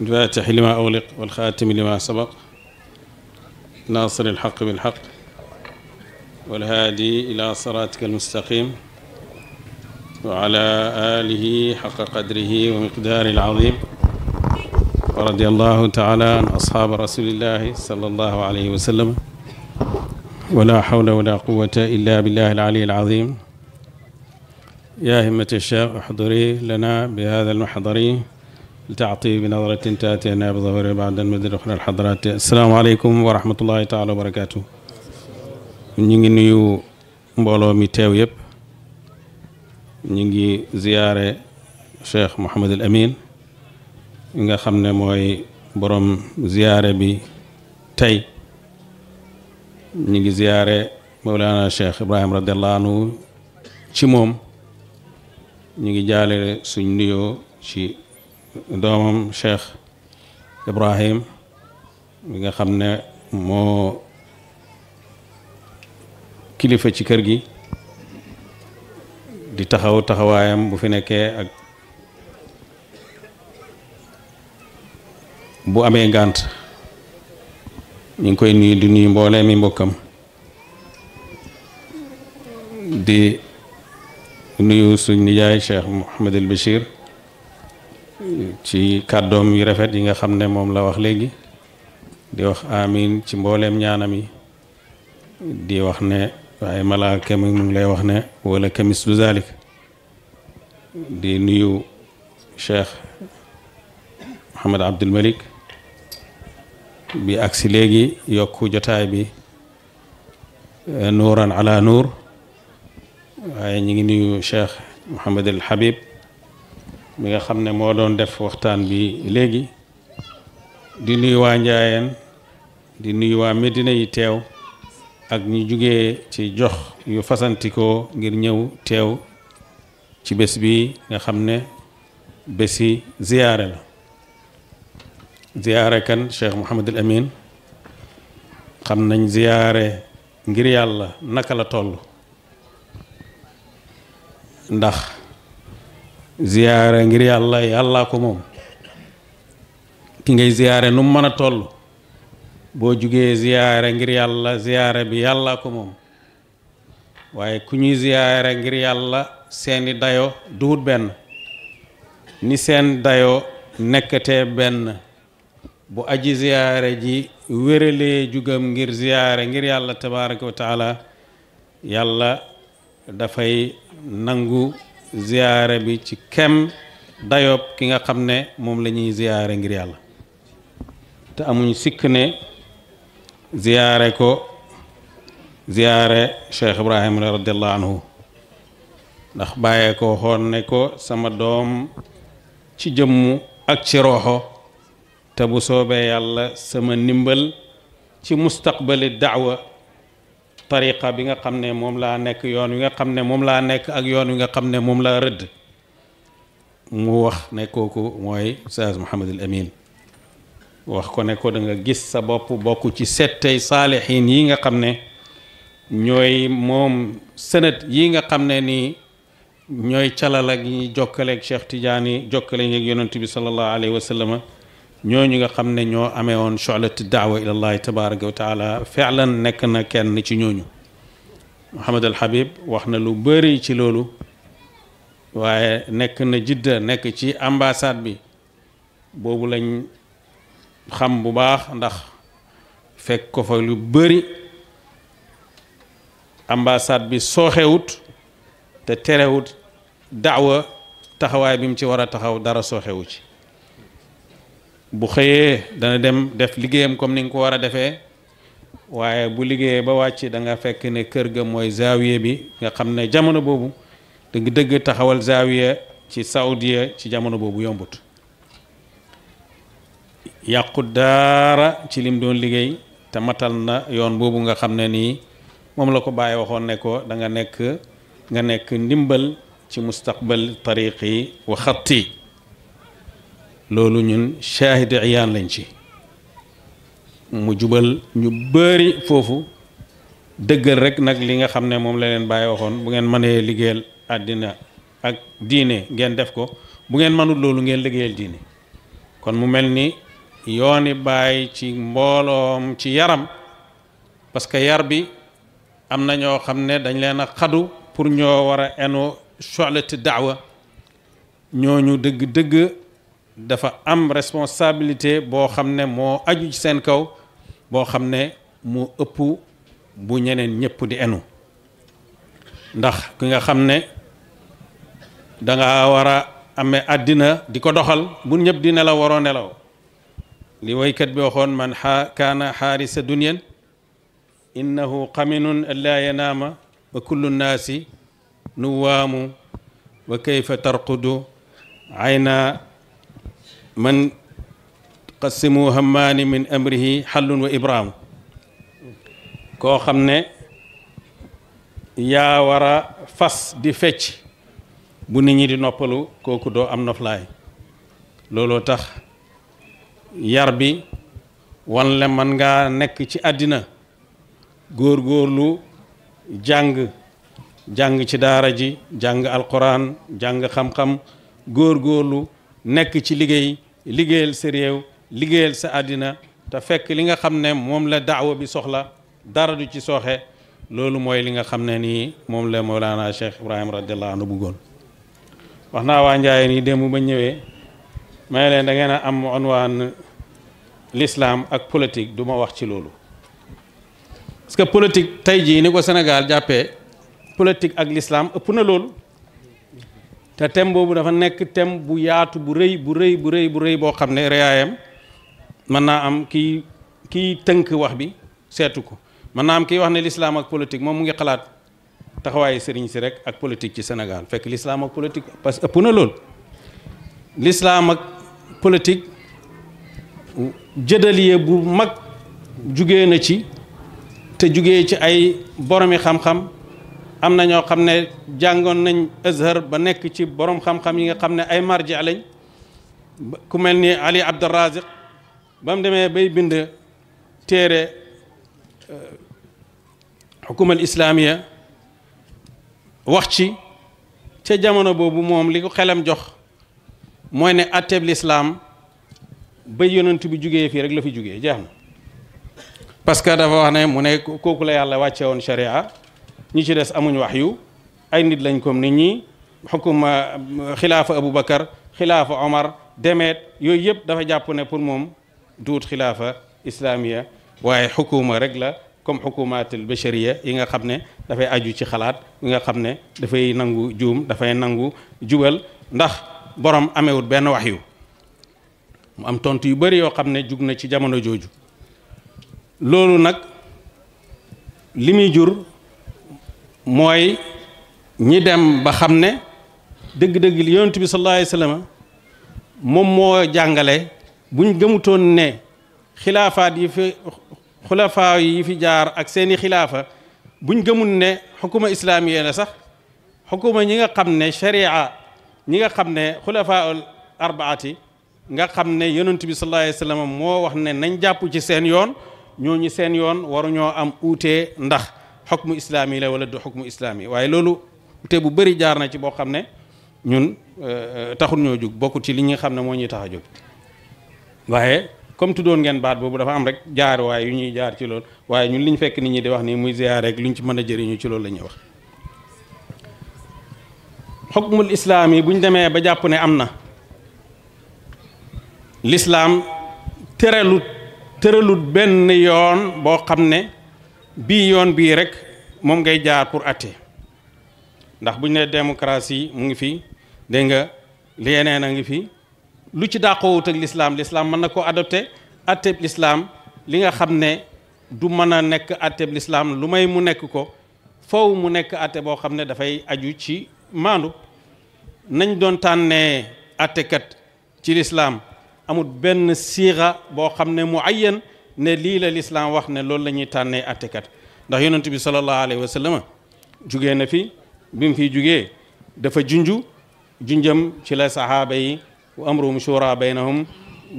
الفاتح لما أغلق والخاتم لما سبق ناصر الحق بالحق والهادي إلى صراطك المستقيم وعلى آله حق قدره ومقداره العظيم ورضي الله تعالى عن أصحاب رسول الله صلى الله عليه وسلم ولا حول ولا قوة إلا بالله العلي العظيم يا همة الشيخ احضري لنا بهذا المحضر taati bi nadratin taatiana bi zafari ba'da al-madadi ukhra al-hadrat assalaamu wa rahmatullahi taala wa barakaatu ñu ngi nuyu mbooloo mi teew yëpp ñu ngi ziyaare cheikh Mouhamad al Amin nga xam ne mooy borom ziyaare bi tey ñu ngi ziyaare Mawlana cheikh Ibrahim radiallahu anhu ci moom ñu ngi jaale suñ nuyoo ci doomam Cheikh Ibrahim bi nga xam ne moo kilifa ci kër gi di taxaw taxawaayam bu fi nekkee ak bu amee ngànt ñu ngi koy nuyu di nuyu mboolee mi mbokkam di nuyu suñ nijaay Cheikh Mouhamadul Bachir ci kàddoom yu rafet yi nga xam ne moom la wax léegi di wax amin ci mbooleem ñaanam yi di wax ne waaye malaaka mi mu lay wax ne wala kamis du zalik di nuyu cheikh Mohamed Abdul Malik bi agsi léegi yokku jotaay bi nuuran ala nuur waaye ñu ngi nuyu cheikh Mohamed El Habib mi nga xam ne moo doon def waxtaan bi léegi di nuyu waa Njaayeen di nuyu waa Medina yi teew ak ñu jugee ci jox yu fasantikoo ngir ñëw teew ci bés bi nga xam ne bési ziyaare la ziyaare kan Cheikh Mouhamadul Amin xam nañ ziyaare ngir yàlla naka la toll ndax ziyaara ngir yàlla yàllaa ko moom ki ngay ziyaare nu mu mën a toll boo jógee ziyaare ngir yàlla ziyaare bi yàllaa ko moom waaye ku ñuy ziyaare ngir yàlla seeni dayo duut benn ni seen dayo nekkatee benn bu aji ziyaare ji wéralee jugam ngir ziyaare ngir yàlla tabaraka wa yàlla dafay nangu ziyaare bi ci kem dayoob ki nga xam ne moom lañuy ñuy ziyaare ngir yàlla te amuñ sikk ne ziyaare ko ziyaare Cheikh Ibrahima radiallahu anhu ndax bàyyee ko waxoon ne ko sama doom ci jëmmu ak ci roxo te bu soobee yàlla sama ndimbal ci mustaqbali daawa tariqa bi nga xam ne moom laa nekk yoon wi nga xam ne moom laa nekk ak yoon wi nga xam ne moom laa rëdd mu wax ne kooku mooy Oustaz Mouhamadul Amin wax ko ne ko da gis sa bopp bokk ci settey saalixiin yi nga xam ne ñooy moom sënët yi nga xam ne nii ñooy calal ak ñi jokkale ak Cheikh Tidiane jokkale ak yonent bi sallallahu alayhi wa sallam ñooñu nga xam ne ñoo amee woon sholati daawa ila allahi tabaraka wa taala fi'lan nekk na kenn ci ñooñu Muhammad al Habib wax na lu bari ci loolu waaye nekk na jidda nekk ci ambassade bi boobu lañ xam bu baax ndax fekk ko fa lu bari ambassade bi sooxewut te terewut daawa taxawaay bi mu ci war a taxaw dara sooxewu ci bu xëyee dana dem def liggéeyam comme ni nga ko war a defee waaye bu liggéeyee ba wàcc da nga fekk ne kër ga mooy zaawiye bi nga xam ne jamono boobu dëgg dëgg taxawal zaawiye ci saudiya ci jamono boobu yombut yàqu daara ci lim doon liggéey te matal na yoon boobu nga xam ne nii moom la ko bàyyi waxoon ne ko da nekk nga nekk ndimbal ci mustaqbal tariqi wa xatti loolu ñun shaahid iyaan lañ ci mu jubal ñu bëri foofu dëggal rek nag li nga xam ne moom la leen bàyyi waxoon bu ngeen mënee liggéeyal àddina ak diine ngeen def ko bu ngeen mënul loolu ngeen liggéeyal diine kon mu mel ni yooni bàyyi ci mbooloom ci yaram parce que yar bi am na ñoo xam ne dañ leen a xadu pour ñoo war a eno soxlati daawa ñooñu dëgg-dëgg dafa am responsabilité boo xam ne moo aju seen kaw boo xam ne mu ëpp bu ñeneen ñëpp di enu ndax ki nga xam ne danga wara ame àddina di ko doxal bu ñëpp di nelaw waroo nelaw li waykat bi waxoon man a kaana xaarisa dunyan innahu qaminun an laa yanaama wa kullu nnaasi nuwaamu wa kayfa tarqudu ayna man qasimu hammaani min amrihi xallun wa ibraamu koo xam ne yaa wara fas di fecc bu nit ñi di noppalu kooku doo am noflaay looloo tax yar bi wan le man ngaa nekk ci àddina góor góorgóorlu jàng jàng ci daara ji jàng alquran jàng xam-xam góorgóorlu nekk ci liggéey liggéeyal sa réew liggéeyal sa àddina te fekk li nga xam ne moom la daawa bi soxla dara du ci sooxe loolu mooy li nga xam ne nii moom la Mawlana Cheikh Ibrahim radiallahu anhu bëggoon wax naa waa Njaaye nii démb ba ñëwee may leen da ngeen a am onwaan lislaam ak politique du ma wax ci loolu parce que politique tey jii ni ko Sénégal jàppee politique ak lislaam ëpp na loolu te thème boobu dafa nekk thème bu yaatu bu rëy bu rëy bu rëy bu rëy boo xam ne reyaayam mën naa am kii kii tënk wax bi seetu ko man naa am kii wax ne lislaam ak politique moom mu ngi xalaat taxawaayu sëriñ si rek ak politique ci Sénégal fekk lislaam ak politique parce que ëpp na lool lislaam ak politik jëdalie bu mag jugee na ci te jugee ci ay boromi xam-xam am na ñoo xam ne jàngoon nañ Azhar ba nekk ci boroom xam-xam yi nga xam ne ay marji lañ ku mel ni Ali Abduraziq ba mu demee bay bind téere xukumal euh, islaamiya wax ci ca jamono boobu moom li ko xelam jox mooy ne atteeb lislaam ba yonent bi jógee fii rek la fi jugee jeex na parce que dafa wax ne mu ne kooku la yàlla wàcce woon sharia ñi ci des amuñ wax yu ay nit lañ comme nit ñi xukuma xilaafa Aboubacar xilaafa Omar demeet yooyu yëpp dafa jàpp ne pour moom duut xilaafa islamiya waaye xukuma rek la comme xukumaatul bashariya yi nga xam ne dafay aju ci xalaat yi nga xam ne dafay nangu juum dafay nangu jubal ndax boroom amewut benn wax yu mu am tontu yu bari yoo xam ne jug na ci jamono jooju loolu nag li muy jur mooy ñi dem ba xam ne dëgg-dëgg li yonent bi sallallahu alayhi moom moo jàngale buñ gëmutoon ne xilaafaat yi fi xulafaa yi fi jaar ak seeni xilaafa buñ gëmul ne islaam islaamiya la sax xukuma ñi nga xam ne sharia ñi nga xam ne xulafaaul arbaati nga xam ne yonent bi sallallahu alayhi moo wax ne nañ jàpp ci seen yoon ñooñu seen yoon waruñoo am uutee ndax xukmu islaami la wala du xukmu islaami waaye loolu te bu bëri jaar na ci boo xam ne ñun euh, taxul ñoo jóg bokkut ci li ñuy xam ne moo ñuy tax a jóg waaye comme tuddoon ngeen baat boobu dafa am rek jaar waaye yu ñuy jaar ci lool waaye ñun li ñu fekk ni ñi di wax nii muy ziyaar rek lu ñu ci mën a jëriñu ci loolu la ñuy wax xukmul islaam yi bu ñu demee ba jàpp ne am na lislaam tëralut tëralut benn yoon boo xam ne bii yoon bii rek moom ngay jaar pour atte ndax bu ñu nee démocratie mu ngi fi dégg nga yeneen a ngi fi lu ci dàqoowut ak lislaam mën na koo adopté atteb li nga xam ne du mën a nekk atteb lislaam lu may mu nekk ko fow mu nekk atte boo xam ne dafay aju ci maandu nañ doon tànnee attekat ci lislaam amut benn siixa boo xam ne mu ayyan ne lii la lislaam wax ne loolu la ñuy tànnee attekat ndax yonent bi sallallahu alayhi wa sallam jugee na fi bi mu fi jugee dafa junju junjam ci la sahaaba yi wa amruhum shura baynahum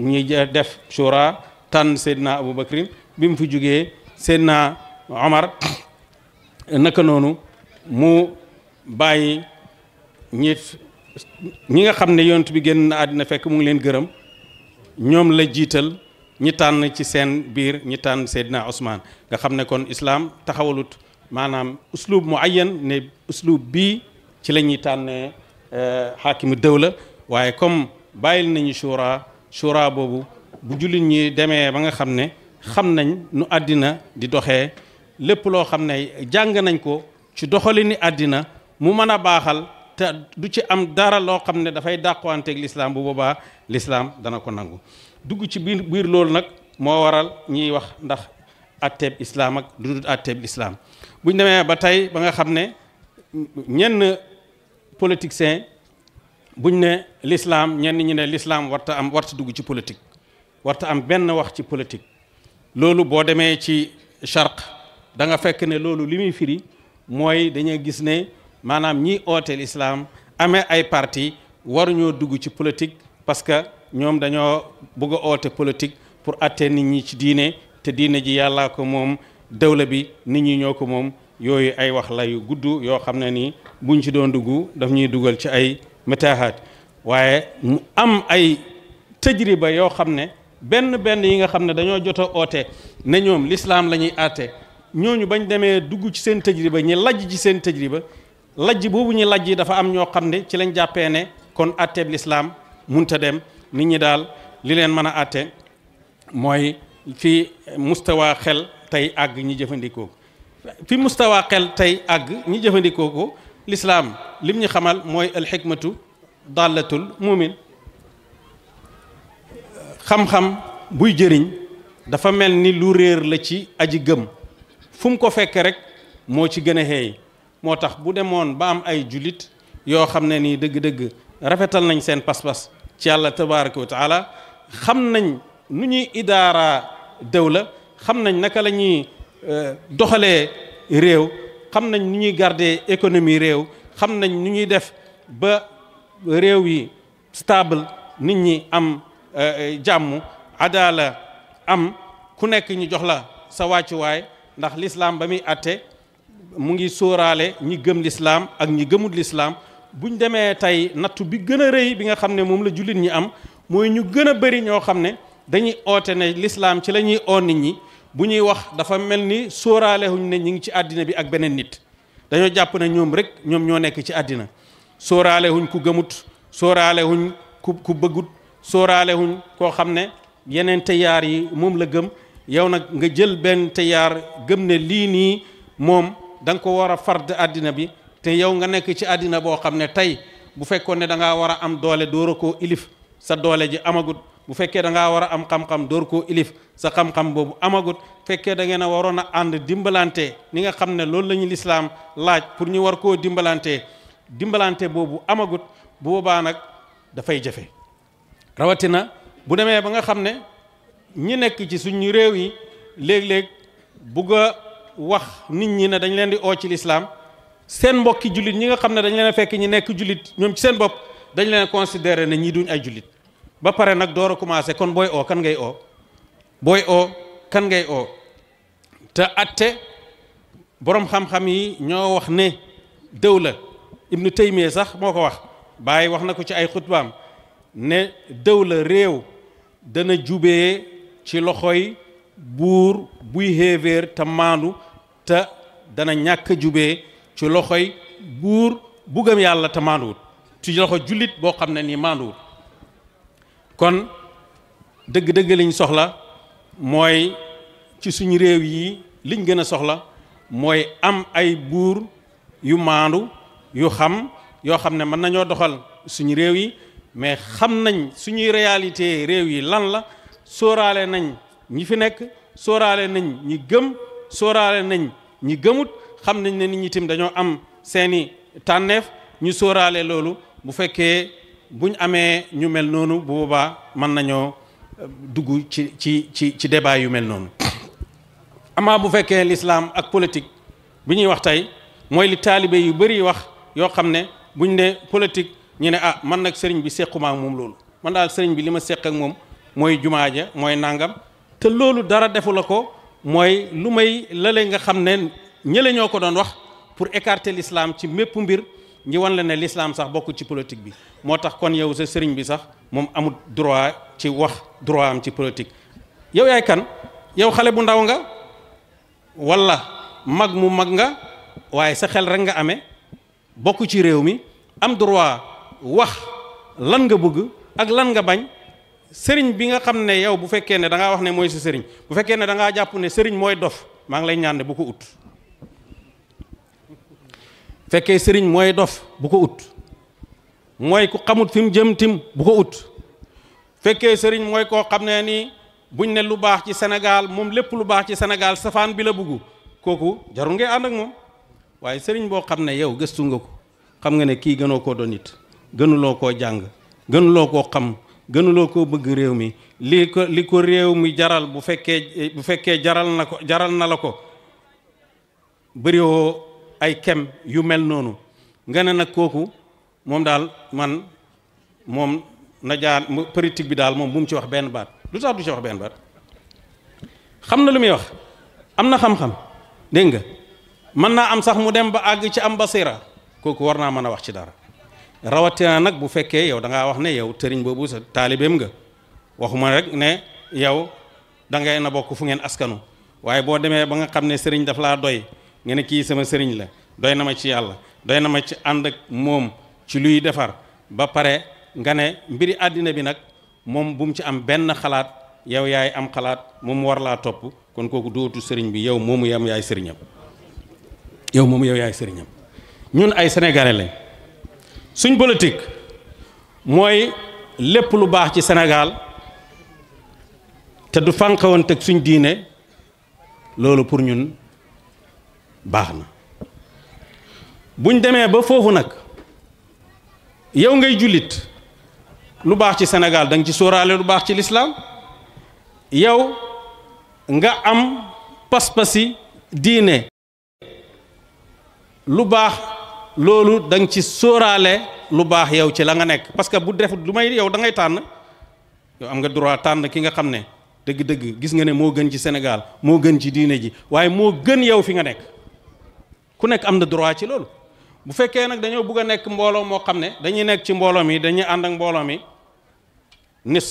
ñi def shura tànn seydna abou bacrin bi mu fi jugee seydna omar naka noonu mu bàyyi ñi ñi nga xam ne yonent bi génn na àddina fekk mu ngi leen gërëm ñoom la jiital ñi tànn ci seen biir ñi tànn Seydina Ousmane nga xam ne kon islaam taxawalut maanaam uslub mu ayyan ne uslub bii ci la ñuy tànnee euh, xaakimu dawla waaye comme bàyyil nañu shura shura boobu bu jullit ñi demee ba nga xam ne xam nañ nu àddina di doxee lépp loo xam ne jàng nañ ko ci doxalini àddina mu mën a baaxal te du ci am dara loo xam ne dafay dàqwanteeg lislaam bu boobaa lislaam dana ko nangu dugg ci biir biir loolu nag moo waral ñiy wax ndax atteeb islaam ak lu dul atteeb islaam buñ demee ba tey ba nga xam ne ñenn politiciens buñ ne l'islam ñenn ñi ne lislaam warta am warta dugg ci politique warta am benn wax ci politique loolu boo demee ci charq da nga fekk ne loolu li muy firi mooy dañuy gis ne maanaam ñi oote lislaam amee ay parti waruñoo dugg ci politique parce que ñoom dañoo bëgg oote politique pour atte nit ñi ci diine te diine ji yàllaa ko moom dawla bi nit ñi ñoo ko moom yooyu ay wax la yu gudd yoo xam ne nii buñ ci doon dugg daf ñuy dugal ci ay métahaat waaye mu am ay tajriba yoo xam ne benn benn yi nga xam ne dañoo joto oote ne ñoom lislaam la ñuy aate ñooñu bañ demee dugg ci seen tajriba ñu lajj ci seen tajriba lajj boobu ñu lajj dafa am ñoo xam ne ci lañ jàppee ne kon atteeb lislaam munta dem nit ñi daal li leen mën a àtte mooy fi mustawa xel tey àgg ñi jëfandikoo fi mustawa xel tey àgg ñi jëfandikoo ko lislaam lim ñu xamal mooy alxikmatu dàllatul muumin xam-xam buy jëriñ dafa mel ni lu réer la ci aji gëm fu ko fekkee rek moo ci gën a xeey moo tax bu demoon ba am ay jullit yoo xam ne nii dëgg-dëgg rafetal nañ seen pas-pas ci yàlla tabaraka wa taala xam nañ nu ñuy idaara la xam nañ naka lañuy ñuy euh, doxalee réew xam nañ nu ñuy gardee économie réew xam nañ nu ñuy def ba réew yi stable nit ñi am euh, euh, jàmm adaala am ku nekk ñu jox la sa wàccuwaay ndax lislaam ba muy àtte mu ngi sóoraale ñi gëm lislaam ak ñi gëmul lislaam buñ demee tey nattu bi gën a rëy bi nga xam ne moom la jullit ñi am mooy ñu gën a bëri ñoo xam ne dañuy oote ne lislaam ci la ñuy oo nit ñi bu ñuy wax dafa mel ni soorale sóoraalewuñ ne ñu ngi ci àddina bi ak beneen nit dañoo jàpp ne ñoom rek ñoom ñoo nekk ci àddina sóoraalewuñ ku gëmut sóoraalewuñ ku ku bëggut sóoraalewuñ koo xam ne yeneen teyaar yi moom la gëm yow nag nga jël benn teyaar gëm ne lii nii moom danga ko war a fard àddina bi te yow nga nekk ci àddina boo xam ne tey bu fekkoon ne da war a am doole door a koo ilif sa doole ji amagut bu fekkee da ngaa war a am xam-xam door koo sa xam boobu amagut fekkee da ngeen a waroon a ànd dimbalante ni nga xam ne loolu la ñu lislaam laaj pour ñu war koo dimbalante dimbalante boobu amagut bu boobaa nag dafay jafe rawatina bu demee ba nga xam ne ñi nekk ci suñu réew yi léeg-léeg bugg a wax nit ñi ne dañ leen di oo ci lislaam seen mbokki jullit ñi nga xam ne dañ leen a fekk ñi nekk jullit ñoom ci seen bopp dañ leen a considéré ne ñii duñ ay jullit ba pare nag door a commencé kon booy oo kan ngay oo booy oo kan ngay oo te atte boroom xam-xam yi ñoo wax ne dëw la ibnu taymiya sax moo ko wax bàyyi wax na ko ci ay xutbaam ne dëw la réew dana jubee ci loxoy buur buy héevéer te maandu te dana ñàkk jubee ci loxoy buur bu gëm yàlla te maanduwut ci loxo jullit boo xam ne nii maanduwut kon dëgg-dëgg liñ soxla mooy ci suñu réew yi liñ gën a soxla mooy am ay buur yu maandu yu xam yoo xam ne mën nañoo doxal suñu réew yi mais xam nañ suñuy réalité réew yi lan la sóoraale nañ ñi fi nekk sóoraale nañ ñi gëm sóoraale nañ ñi gëmut xam nañ ne ni ñi dañoo am seeni tànneef ñu sooraalee loolu bu fekkee buñ amee ñu mel noonu boobaa mën nañoo euh, dugg ci ci ci ci débat yu mel noonu amaa bu fekkee lislaam ak politique bu ñuy wax tey mooy li taalibe yu bëri wax yoo xam ne buñ ne politique ñu ne ah man nag sëriñ bi sequma moom loolu man daal sëriñ bi li ma seq ak moom mooy ja mooy nàngam te loolu dara defu la ko mooy lu may lale nga xam ne ñële ñoo ko doon wax pour écarter lislaam ci mépp mbir ñi wan la ne l'islam sax bokk ci politique bi moo tax kon yow sa sëriñ bi sax moom amul droit ci wax droit am ci politique yow yaay kan yow xale bu ndaw nga wala mag mu mag nga waaye sa xel rek nga amee bokk ci réew mi am droit wax lan nga bëgg ak lan nga bañ sëriñ bi nga xam ne yow bu fekkee ne dangaa wax ne mooy sa sëriñ bu fekkee ne da ngaa jàpp ne sëriñ mooy dof maa ngi lay ñaan ne bu ko ut fekkee sëriñ mooy dof bu ko ut mooy ku xamut fi mu jëm tim bu ko ut fekkee sëriñ mooy koo xam ne nii buñ ne lu baax ci Sénégal moom lépp lu baax ci Sénégal safaan bi la bugg kooku jarul ngay ànd ak moom waaye sëriñ boo xam ne yow gëstu nga ko xam nga ne kii gënoo ko doon nit gënuloo koo jàng gënuloo koo xam gënuloo ko bëgg réew mi li ko li ko réew mi jaral bu fekkee bu fekkee jaral na ko jaral na la ko bëriwoo ay kem yu mel noonu nga ne nag kooku moom daal man moom na jaar politique bi daal moom bu ci wax benn baat lu tax du ci wax benn baat xam na lu muy wax am na xam-xam dégg nga mën naa am sax mu dem ba àgg ci am basira kooku war naa mën a wax ci dara rawatina nag bu fekkee yow da wax ne yow tëriñ boobu sa taalibeem nga waxuma rek ne yow da ngay na bokk fu ngeen askanu waaye boo demee ba nga xam ne sëriñ daf laa doy nga ne kii sama sëriñ la doy na ma ci yàlla doy na ma ci ànd ak moom ci luy defar ba pare nga ne mbiri àddina bi nag moom bu mu ci am benn xalaat yow yaay am xalaat moom war laa topp kon kooku dootu sëriñ bi yow moomu yam yaay sëriñam yow moomu yow yaay sëriñam ñun ay sénégalais lañ suñ politique mooy lépp lu baax ci Sénégal te du fànqawoon teg suñ diine loolu pour ñun baax na buñ demee ba foofu nag yow ngay jullit lu baax ci Sénégal da ci sooraale lu baax ci lislaam yow nga am paspasi diine lu baax loolu da ci sooraale lu baax yow ci la nga nekk parce que bu def lu may yow da ngay tànn yow am nga droit tànn ki nga xam ne dëgg-dëgg gis nga ne moo gën ci Sénégal moo gën ci diine ji waaye moo gën yow fi nga nekk ku nekk am na droit ci loolu bu fekkee nag dañoo bugg a nekk mbooloo moo xam ne dañuy nekk ci mbooloo mi dañuy ànd mbooloo mi nis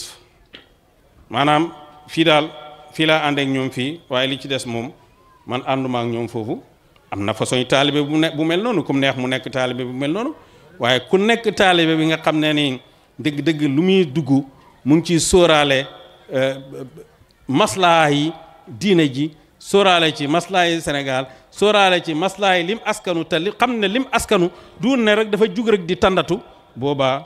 maanaam fii daal fii laa ànd ñoom fii waaye li ci des moom man ànduma ak ñoom foofu am na façon taalibe bu ne bu mel noonu ku neex mu nekk taalibe bu mel noonu waaye ku nekk taalibe bi nga xam ne ni dégg dégg lu muy dugg mu ngi ciy sóoraale euh, maslaa yi diine ji sóoraale ci maslaay Sénégal sóoraale ci maslaay lim askanu te li xam ne lim askanu du ne rek dafa jug rek di tàndatu boobaa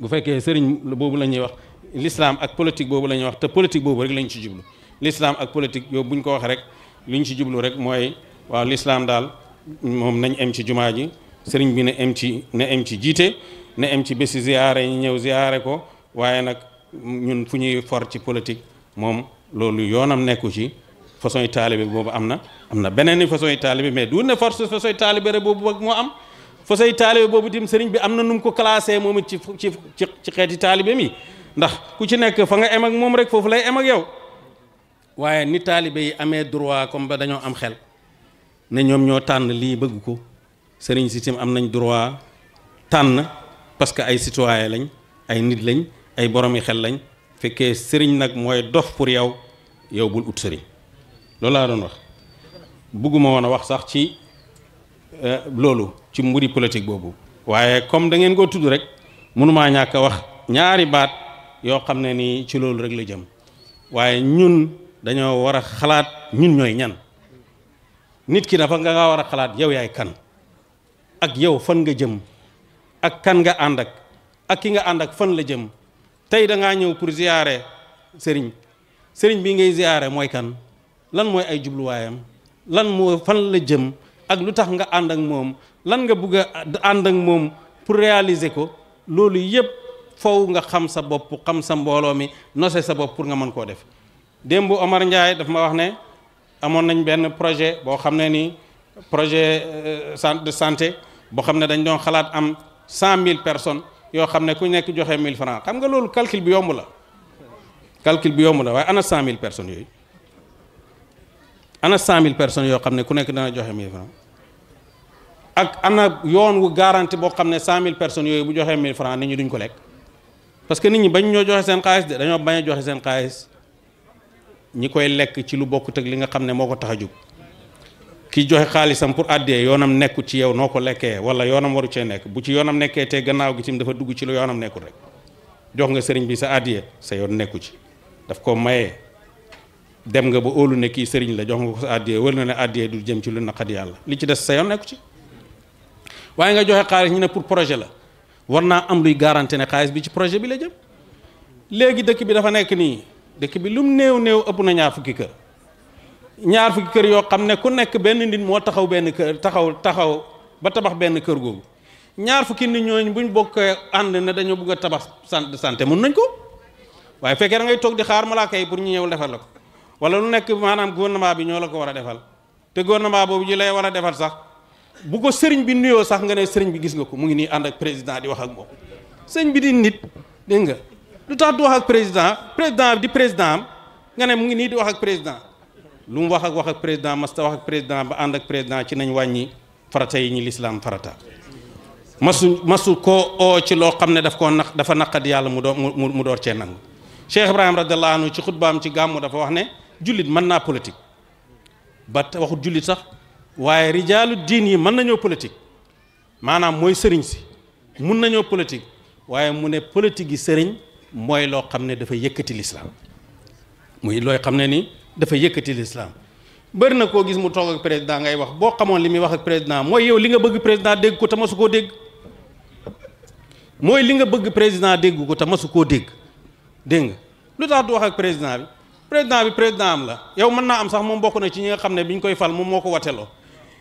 bu fekkee sëriñ boobu la ñuy wax l'islam ak politique boobu la ñuy wax te politique boobu rek lañ ci jublu l'islam ak politique yow buñ ko wax rek liñ ci jublu rek mooy waaw l'islam daal moom nañ em ci jumaa ji sëriñ bi ne em ci ne em ci jiite ne em ci bési ziyaare ñëw ziyaare ko waaye nag ñun fu ñuy for ci politique moom loolu yoonam nekku ci façon yi taalibe boobu am na am na beneen façon yi taalibe mais du ne force façon yi taalibe boobu boobu moo am façon yi taalibe boobu tim sëriñ bi am na nu mu ko classé moom it ci ci xeeti taalibe mi ndax ku ci nekk fa nga em ak moom rek foofu lay em ak yow waaye ni taalibe yi amee droit comme ba dañoo am xel ne ñoom ñoo tànn lii bëgg ko sëriñ si tim am nañ droit tànn parce que ay citoyen lañ ay nit lañ ay boromi xel lañ fekkee sëriñ nag mooy dox pour yow yow bul ut sëriñ loolu laa doon wax bugguma woon a wax sax ci euh, loolu ci mbiri politique boobu waaye comme dangeen ngeen koo tudd rek mënumaa ñàkk a wax ñaari baat yoo xam ne nii ci loolu rek la jëm waaye ñun dañoo war a xalaat ñun ñooy ñan nit ki dafa nga war a xalaat yow yaay kan ak yow fan nga jëm ak kan nga ànd ak ak ki nga ànd ak fan la jëm tey da ngaa ñëw pour ziyaare sëriñ sëriñ bi ngay ziyaare mooy kan lan mooy ay jubluwaayam lan moo fan la jëm ak lu tax nga ànd ak moom lan nga bëgg a ànd ak moom pour réaliser ko loolu yëpp foofu nga xam sa bopp xam sa mbooloo mi nose sa bopp pour nga mën koo def démb Omar Ndiaye daf ma wax ne amoon nañ benn projet boo xam ne nii projet euh, de santé boo xam ne dañ doon xalaat am cent mille personnes yoo xam ne ku nekk joxe mille francs xam nga loolu calcul bi yomb la calcul bi yomb la waaye ana cent mille personnes yooyu ana cent mille personnes yoo xam ne ku nekk dana joxe mille francs ak ana yoon wu garanti boo xam ne cent mille personnes yooyu bu joxee mille francs nit ñi duñ ko lekk parce que nit ñi bañ ñoo joxe seen xaalis de dañoo bañ joxe seen xaalis ñi koy lekk ci lu bokk ak li nga xam ne moo ko tax a jóg ki joxe xaalisam pour àddee yoonam nekkut ci yow noo ko lekkee wala yoonam waru cee nekk bu ci yoonam nekkee te gannaaw gi tim dafa dugg ci lu yoonam nekkul rek jox nga sëriñ bi sa àddee sa yoon nekku ci daf ko mayee dem nga ba óolu ne kii sëriñ la jox nga ko sa àddiyee wër na ne àddiyee du jëm ci lu naqadi yàlla li ci des sa yoon nekku ci waaye nga joxe xaalis ñu ne pour projet la war naa am luy garanti ne xaalis bi ci projet bi la jëm léegi dëkk bi dafa nekk nii dëkk bi lum néew néew ëpp na ñaar fukki kër ñaar fukki kër yoo xam ne ku nekk benn nit moo taxaw benn kër taxaw taxaw ba tabax benn kër googu ñaar fukki nit ñooñu buñ bokkee ànd ne dañoo bëgg a tabax santé mun nañ ko waaye fekkee da toog di xaar malaaka yi pour ñu ñëw defal la ko wala lu nekk maanaam gouvernement bi ñoo la ko war a defal te gouvernement boobu ñu lay war a defal sax bu ko sëriñ bi nuyoo sax nga ne sëriñ bi gis nga ko mu ngi nii ànd ak président di wax ak moom sëriñ bi di nit dégg nga lu tax du wax ak président président di président am nga ne mu ngi nii di wax ak président lu mu wax ak wax président masta wax ak président ba ànd ak président ci nañ wàññi farata yi ñi lislaam farata masu masu ko oo ci loo xam ne daf koo naq dafa naqat yàlla mu doo mu door cee nangu Cheikh Ibrahima radiallahu anhu ci xutbaam ci gàmmu dafa wax ne jullit mën naa politique ba waxut jullit sax waaye rijaalu diin yi mën nañoo politique maanaam mooy sëriñ si mun nañoo politique waaye mu ne politique yi sëriñ mooy loo xam ne dafa yëkkati lislaam muy looy xam ne ni dafa yëkkati lislaam bëri na koo gis mu toog ak président ngay wax boo xamoon li muy wax ak président mooy yow li nga bëgg président dégg ko te masu koo dégg mooy li nga bëgg président dégg ko te masu koo dégg dégg nga lu tax du wax ak président bi président bi président am la yow mën naa am sax moom bokk na ci ñi nga xam ne bi ñu koy fal moom moo ko wateloo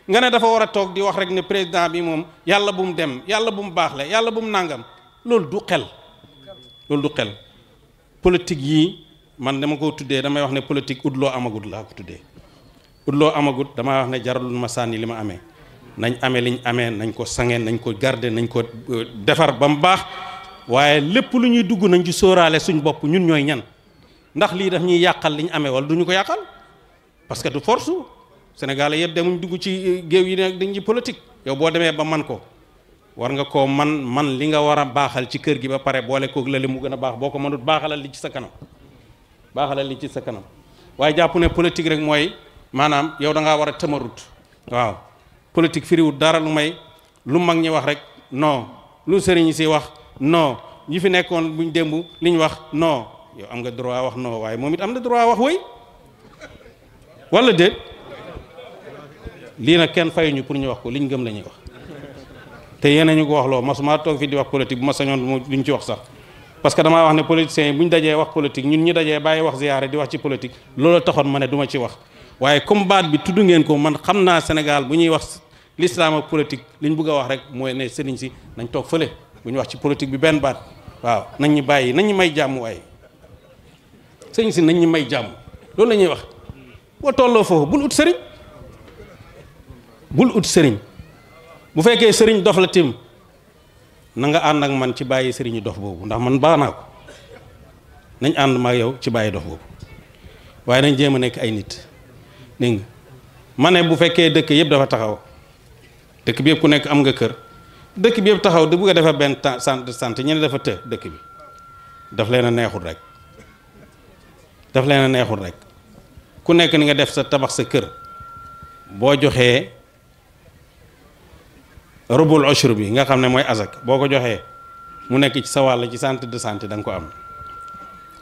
nga ne dafa war a toog di wax rek ne président bi moom yàlla bu mu dem yàlla bu mu baax le yàlla bu mu nàngam loolu du xel loolu du xel politique yii man dama ko tuddee damay wax ne politique ut loo amagut laa ko tuddee ut loo amagut damaa wax ne jaralul ma sànni li ma amee nañ amee liñ amee nañ ko sange nañ ko garde nañ ko euh, defar ba mu baax waaye lépp lu ñuy dugg nañ ci sóoraale suñ bopp ñun ñooy ñan ndax lii daf ñuy yàqal li ñu amee wala du ñu ko yàqal parce que du force Sénégalais yëpp demuñ dugg ci géew yi nag dañuy politique yow boo demee ba man ko war nga ko man man li nga war a baaxal ci kër gi ba pare boole koog la li mu gën a baax boo ko mënut baaxalal li ci sa kanam baaxalal li ci sa kanam waaye jàpp ne politique rek mooy maanaam yow da ngaa war a tëmarut waaw politique firiwut dara lu may lu mag ñi wax rek non lu sëriñ si wax no ñi fi nekkoon buñ démb liñ wax non yow am nga droit wax non waaye moom it am na droit wax woy walla déet lii nag kenn fayuñu pour ñu wax ko liñ gëm la ñuy wax te yéen ñu ko wax loo masuma toog fi di wax politique bu ma sañoon duñ ci wax sax parce que damaa wax ne politiciens yi bu ñu dajee wax politique ñun ñu dajee bàyyi wax ziyaare di wax ci politique loolu taxoon ma ne duma ma ci wax waaye comme baat bi tudd ngeen ko man xam naa Sénégal bu ñuy wax l'islam ak politique liñ bugg a wax rek mooy ne si nañ toog fële bu ñu wax ci politique bi benn baat waaw nañ ñu bàyyi nañ sëñ si nañ ñu may jàmm loolu lañuy wax boo tolloo foofu bul ut sëriñ bul ut sëriñ bu fekkee sëriñ dof la tim na nga ànd ak man ci bàyyi sëriñu dof boobu ndax man baa naa ko nañ ànd ma yow ci bàyyi dof boobu waaye nañ jéem a nekk ay nit dégg nga ma bu fekkee dëkk yëpp dafa taxaw dëkk bi yëpp ku nekk am nga kër dëkk bi yëpp taxaw di bugg a defar benn centre sant santé ñeneen dafa të dëkk bi daf leen a neexul rek. def leen a neexul rek ku nekk ni nga def sa tabax sa kër boo joxee rubul ushr bi nga xam ne mooy azak boo ko joxee mu nekk ci sa wàll ci sant de sant da nga ko am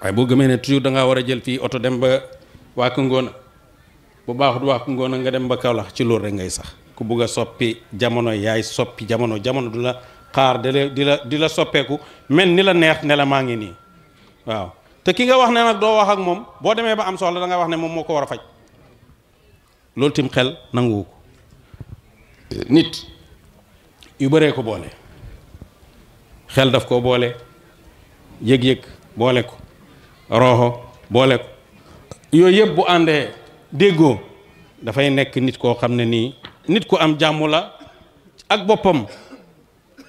waaye boo gëmee ne toujours da ngaa war a jël fii oto dem ba waa Ngoona bu baax du baaxut ngoon a nga dem ba kawlax ci loolu rek ngay sax ku bugg a soppi jamono yaay soppi jamono jamono du la xaar di di la di la soppeeku mel ni la neex ne la maa ngi nii waaw te ki nga wax ne nag doo wax ak moom boo demee ba am soxla dangay wax ne moom moo ko war a faj loolu tim xel nanguwu ko nit yu bëree ko boole xel daf koo boole yëg-yëg boole ko rooxo boole ko yooyu yëpp bu àndee déggoo dafay nekk nit koo xam ne nii nit ku am jàmmu la ak boppam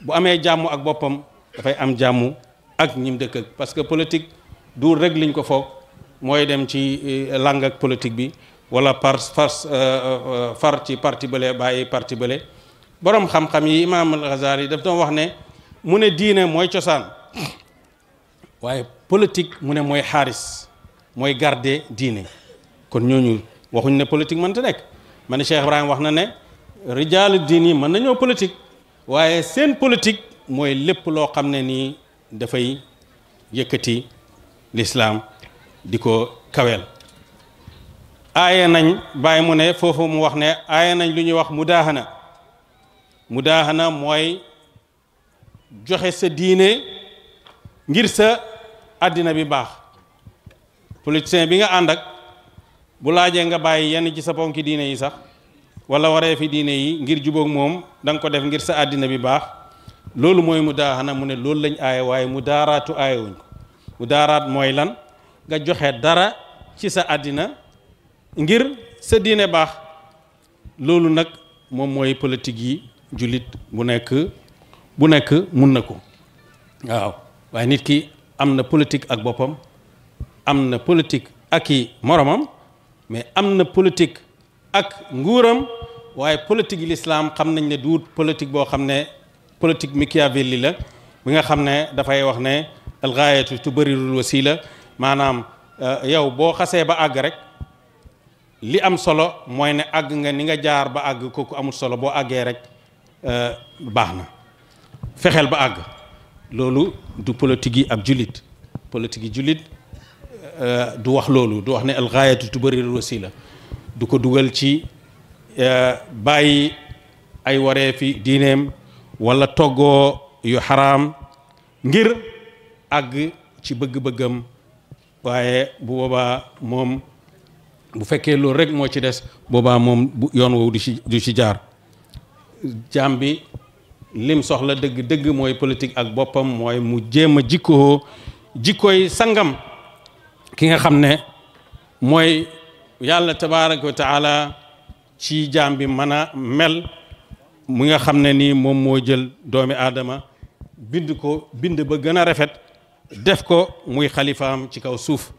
bu amee jàmm ak boppam dafay am jàmmu ak ñim dëkk parce que politique duur rek liñ ko foog mooy dem ci euh, làng ak politique bi wala par far euh, euh, far ci parti bële bàyyi parti bële borom xam-xam yi imaam al-Ghazali daf doon wax ne mu ne diine mooy cosaan waaye politique mu ne mooy xaaris mooy garde diine kon ñooñu waxuñ ne politique mënta nekk man ne Cheikh Ibrahim wax na ne rijaalu diin yi mën nañoo politique waaye seen politique mooy lépp loo xam ne nii dafay yëkkati lislaam di ko kaweel aaye nañ bàyyi mu ne foofu mu wax ne aaye nañ lu ñuy wax mu mudaahana mudaahana mooy joxe sa diine ngir sa àddina bi baax politicien bi nga ànd ak bu laajee nga bàyyi yenn ci sa ponki diine yi sax wala waree fi diine yi ngir jubook moom danga ko def ngir sa àddina bi baax loolu mooy mu mudaahana mu ne loolu lañ aaye waaye mudaaraatu aayewuñ ko bu mudaaraat mooy lan nga joxe dara ci sa àddina ngir sa diine baax loolu nag moom mooy politique yi jullit bu nekk bu nekk mun na ko waaw waaye nit ki am na politique ak boppam am na politique ak i moromam mais am na politique ak nguuram waaye politique yi lislaam xam nañ ne duut politique boo xam ne politique Machiavelli la bi nga xam ne dafay wax ne alxaayatu tubarirul wasila maanaam euh, yow boo xasee ba àgg rek li am solo mooy ne àgg nga ni nga jaar ba àgg ko ku amul solo boo àggee rek euh, baax na fexeel ba àgg loolu du politique yi ak jullit politique yi jullit euh, du wax loolu du wax ne alxaayatu tubarirul wasila du ko dugal ci bàyyi ay wareefi diineem walla toggoo yu xaraam ngir àgg ci bëgg-bëggam waaye bu boobaa moom bu fekkee loolu rek moo ci des booba moom bu yoon woowu du ci du ci jaar jaam bi lim soxla dëgg dëgg mooy politique ak boppam mooy mu jéem a jikkoo jikkooy sangam ki nga xam ne mooy yàlla tabaaraka wa taala ci jaam bi mën a mel mu nga xam ne nii moom moo jël doomi aadama bind ko bind ba gën a rafet def ko muy xalifaam ci kaw suuf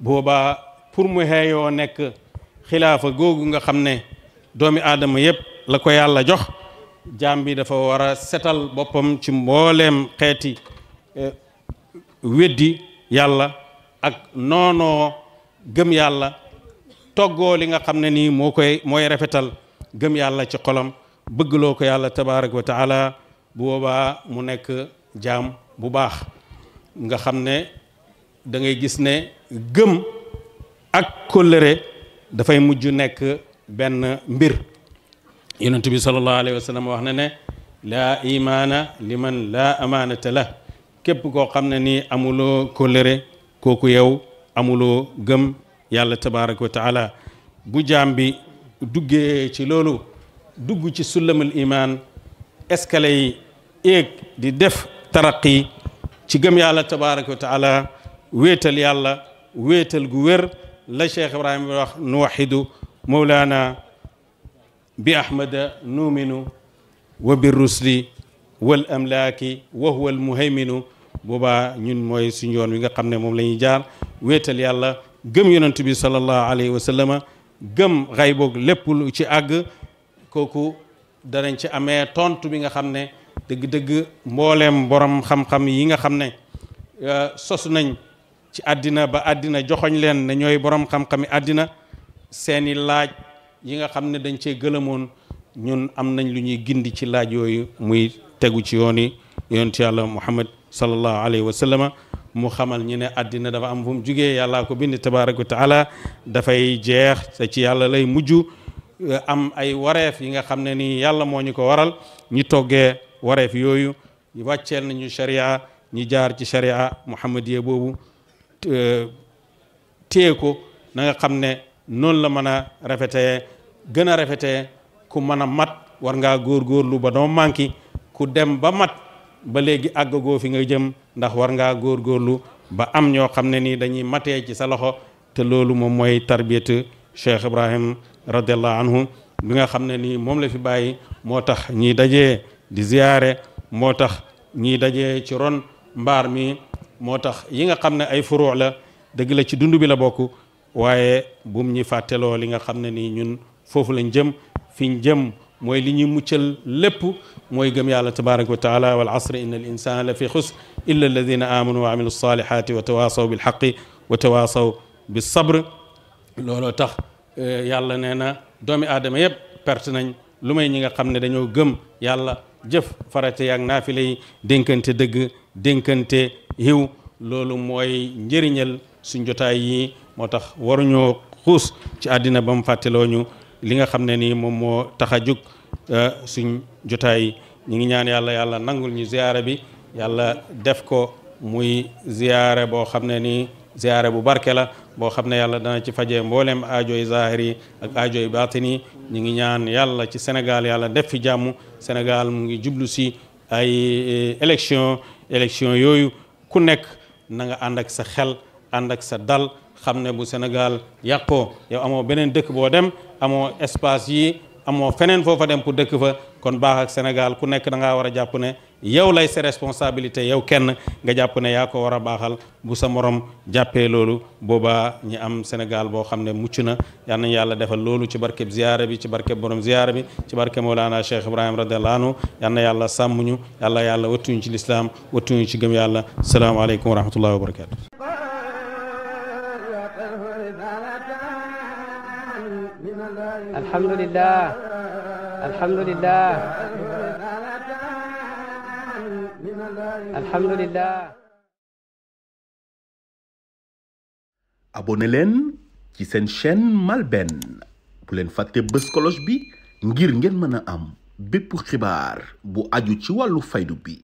boobaa pour mu xeeyoo nekk xilaafa googu nga xam ne doomi aadama yépp la ko yàlla jox jaam bi dafa war a setal boppam ci mbooleem xeeti eh, weddi yàlla ak noonoo gëm yàlla toggoo li nga xam ne nii moo koy mooy rafetal gëm yàlla ci xolam bëggloo ko yàlla tabaaraka wa taala boobaa mu nekk jaam bu baax nga xam ne dangay gis ne gëm ak kóllëre dafay mujj nekk benn mbir yonent bi sallallahu alayhi wa sallam wax na ne laa imaana man laa amaanata la képp koo xam ne nii amuloo kóllëre kooku yow amuloo gëm yàlla tabaraka wa taala bu jaam bi duggee ci loolu dugg ci sullamal imaan escalier yi éeg di def taraqi ci gëm yàlla tabaaraka wa taala yàlla wéetal gu wér la cheikh ibrahima bi wax nu waxidu mawlaana bi ahmada nuuminu wa bi rusli wal amlaaki wa huwa al muhayminu ñun mooy suñu yoon wi nga xam ne moom la ñuy jaar wéetal yàlla gëm yonent bi sallallahu alayhi wa sallama gëm xay lépp lu ci àgg kooku danañ ci amee tontu bi nga xam ne dëgg-dëgg mbooleem borom xam-xam yi nga xam ne euh, sos nañ ci àddina ba àddina joxoñ leen ne ñooy borom xam-xami àddina seeni laaj yi nga xam ne dañ cee gëlëmoon ñun am nañ lu ñuy gindi ci laaj yooyu muy tegu ci yooni yonent yàlla muhammad sallallahu alayhi wa sallama mu xamal ñu ne àddina dafa am fu mu jugee yàllaa ko bind tabaraka wa dafay jeex te ci yàlla lay mujj euh, am ay wareef yi nga xam ne nii yàlla moo ñu ko waral ñi toggee wareef yooyu wàcceel nañu sharia ñi jaar ci sharia muhammadiya boobu téye ko na nga xam ne noonu la mën a rafetee gën a rafetee ku mën a mat war ngaa góorgóorlu ba doo manki ku dem ba mat ba léegi àggagoo fi nga jëm ndax war ngaa góorlu ba am ñoo xam ne nii dañuy matee ci sa loxo te loolu moom mooy tarbiyatu Cheikh Ibrahim radiallahu anhu bi nga xam ne nii moom la fi bàyyi moo tax ñii dajee di ziyaare moo tax ñuy daje ci ron mbaar mi moo tax yi nga xam ne ay furuu la dëgg la ci dund bi la bokk waaye bum ñi fàtteloo li nga xam ne nii ñun foofu lañ jëm fiñ jëm mooy li ñuy muccal lépp mooy gëm yàlla tabaraka wa taala wal asri inna al insana la fi xusr illa alladina amanu wa amilu salihati wa tawasaw bil xaqi wa tawasaw bi looloo tax eh, yàlla nee na doomi aadama yëpp perte nañ lu may ñi nga xam ne dañoo gëm yàlla jëf farate farata yaak naafila yi dénkante dëgg dénkante yiw loolu mooy njëriñal suñ jotaay yi moo tax waruñoo xuus ci àddina ba mu fàttelooñu li nga xam ne nii moom moo tax a jóg euh, suñ jotaay ñu ngi ñaan yàlla yàlla nangul ñu ziyaara bi yàlla def ko muy ziyaara boo xam ne ni ziyaara bu barke la boo xam ne yàlla dana ci fajee mbooleem aajoy zahir yi ak aajoy baatin yi ñu ngi ñaan yàlla ci Sénégal yàlla def fi jàmm Sénégal mu ngi jublu si ay eh, élection élection yooyu ku nekk na nga ànd ak sa xel ànd ak sa dal xam ne bu Sénégal yàqoo yow amoo beneen dëkk boo dem amoo espace yi amoo feneen foofa dem pour dëkk fa kon baax Sénégal ku nekk da ngaa war a jàpp ne yow lay sa responsabilité yow kenn nga jàpp ne yaa ko war a baaxal bu sa morom jàppee loolu boobaa ñi am senegal boo xam ne mucc na yal nañu yàlla defal loolu ci barkeb ziyaara bi ci barkeb borom ziyaara bi ci barke Mawlana Cheikh Ibrahima radiyallahu anhu yal na yàlla sàmm yàlla yàlla wattuñu ci lislaam wattuñu ci gëm yàlla salaamaaleykum wa rahmatullahi wa barakatu alhamdulillah alhamdulillah abonné leen ci seen chen malben bu leen fàtte bës cloche bi ngir ngeen mën a am bépp xibaar bu aju ci wàllu faydu bi